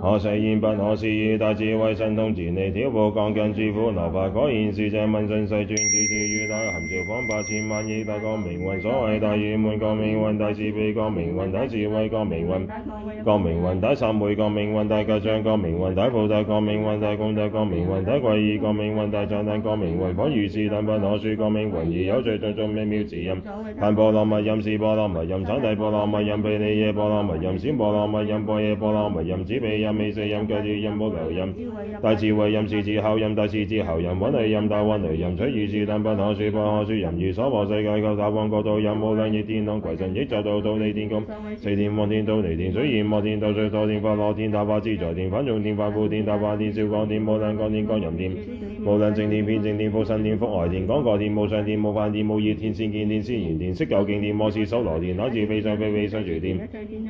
可世焉不可世，大智慧神通自利，調伏剛強之苦，哪怕果然是正問訊世尊，是是如來含笑方發千萬億大光明運。所謂大願每個命運，大慈悲個命運，大智慧個命運，個命運，大十每個命運，大吉祥個命運，大菩大個命運，大功德個命運，大貴義個命運，大讚嘆個命運，可如是等不可說個命運，而有罪最重微妙自任，但婆羅蜜任是婆羅蜜任產地婆羅蜜任毗尼耶婆羅蜜任先婆羅蜜任波耶婆羅蜜任子被未四音皆是音波流音，大智慧音、師子吼音，大師子吼音、雲雷音，大雲雷音，出如是等不可說不可說音已，娑婆世界及他方國土，有無量億天龍鬼神，亦集到忉利天宮，四天王天、忉利天，須燄摩天、兜率陀天、化樂天、他化自在天，梵眾天、梵輔天、大梵天、少光天，無量光天、光音天，無量淨天、遍淨天、福生天、福愛天，廣果天、無想天、無煩天、無熱天、善見天、善現天，色究竟天、摩醯首羅天，乃至非想非非想處天。